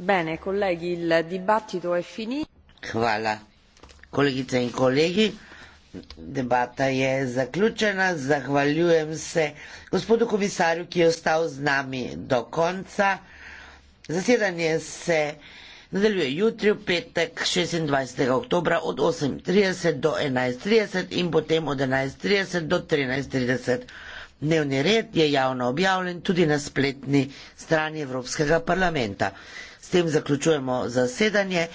Bene, colleghi, il dibattito è finito. Hvala. Kolegice in kolegi, debata je zaključena. Zahvaljujem se gospodu komisarju, ki je ostal z nami do konca. Zasedanje se nadaljuje jutri v petek 26. oktobra od 8.30 do 11.30 in potem od 11.30 do 13.30. Dnevni red je javno objavljen tudi na spletni strani Evropskega parlamenta. S tem zaključujemo zasedanje.